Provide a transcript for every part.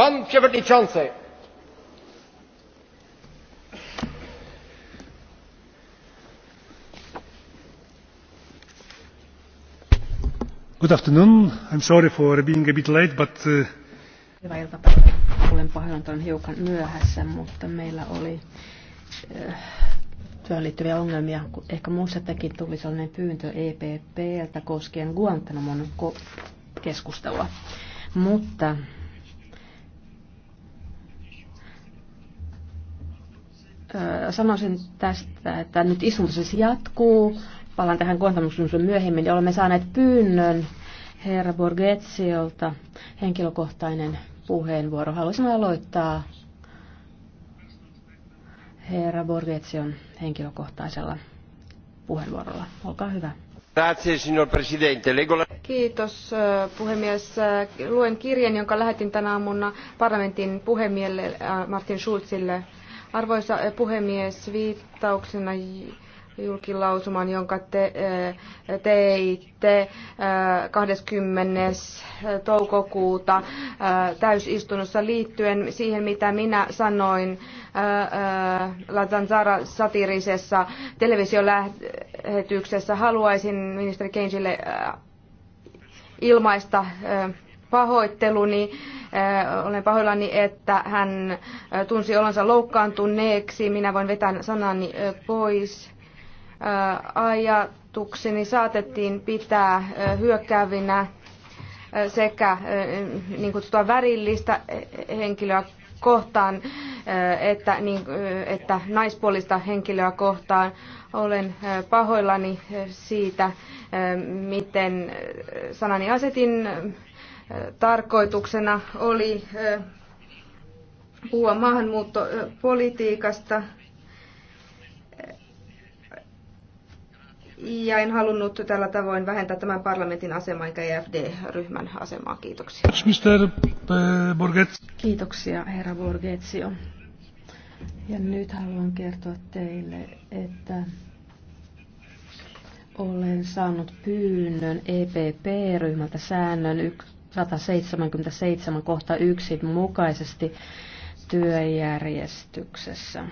Pan przewodniczący. Good afternoon. I'm sorry for being a bit late, but... Uh... Hyvää iltapäivää. Olen pahoillani, hiukan myöhässä, mutta meillä oli uh, työhön liittyviä ongelmia. Ehkä muissakin tuli sellainen pyyntö EPPltä koskien Guantanamon keskustelua. Mutta sanoisin tästä, että nyt istunto siis jatkuu. Palaan tähän kontamuksen myöhemmin. Ja olemme saaneet pyynnön herra Borgetsiolta henkilökohtainen puheenvuoro. Haluaisin aloittaa herra Borgetsion henkilökohtaisella puheenvuorolla. Olkaa hyvä. Kiitos puhemies. Luen kirjeen, jonka lähetin tänä aamuna parlamentin puhemiehelle Martin Schulzille Arvoisa eh, puhemies, viittauksena julkilausuman, jonka te eh, teitte 20. Eh, toukokuuta täysistunnossa liittyen siihen, mitä minä sanoin La Zanzara satirisessa televisiolähetyksessä. Haluaisin ministeri Keynesille ilmaista pahoitteluni. Äh, olen pahoillani, että hän äh, tunsi olonsa loukkaantuneeksi. Minä voin vetää sanani äh, pois. Ajatukseni saatettiin pitää hyökkäävinä sekä niin kutsutua värillistä henkilöä kohtaan että, niin, että naispuolista henkilöä kohtaan. Olen pahoillani siitä, miten sanani asetin tarkoituksena oli puhua maahanmuuttopolitiikasta. Ja en halunnut tällä tavoin vähentää tämän parlamentin asemaa eikä EFD-ryhmän asemaa. Kiitoksia. Eh, Kiitoksia, herra Borgetsio. Ja nyt haluan kertoa teille, että olen saanut pyynnön EPP-ryhmältä säännön 1 177 kohta 1 mukaisesti työjärjestyksessä.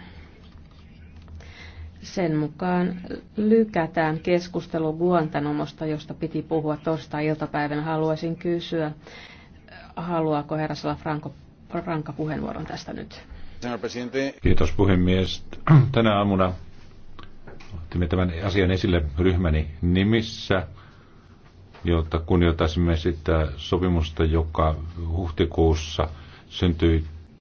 Sen mukaan lykätään keskustelu Guantanomosta, josta piti puhua torstai-iltapäivänä. Haluaisin kysyä, haluaako herra Salafranco ranka puheenvuoron tästä nyt. Kiitos puhemies. Tänä aamuna otimme tämän asian esille ryhmäni nimissä jotta kunnioitaisimme sitä sopimusta, joka huhtikuussa syntyi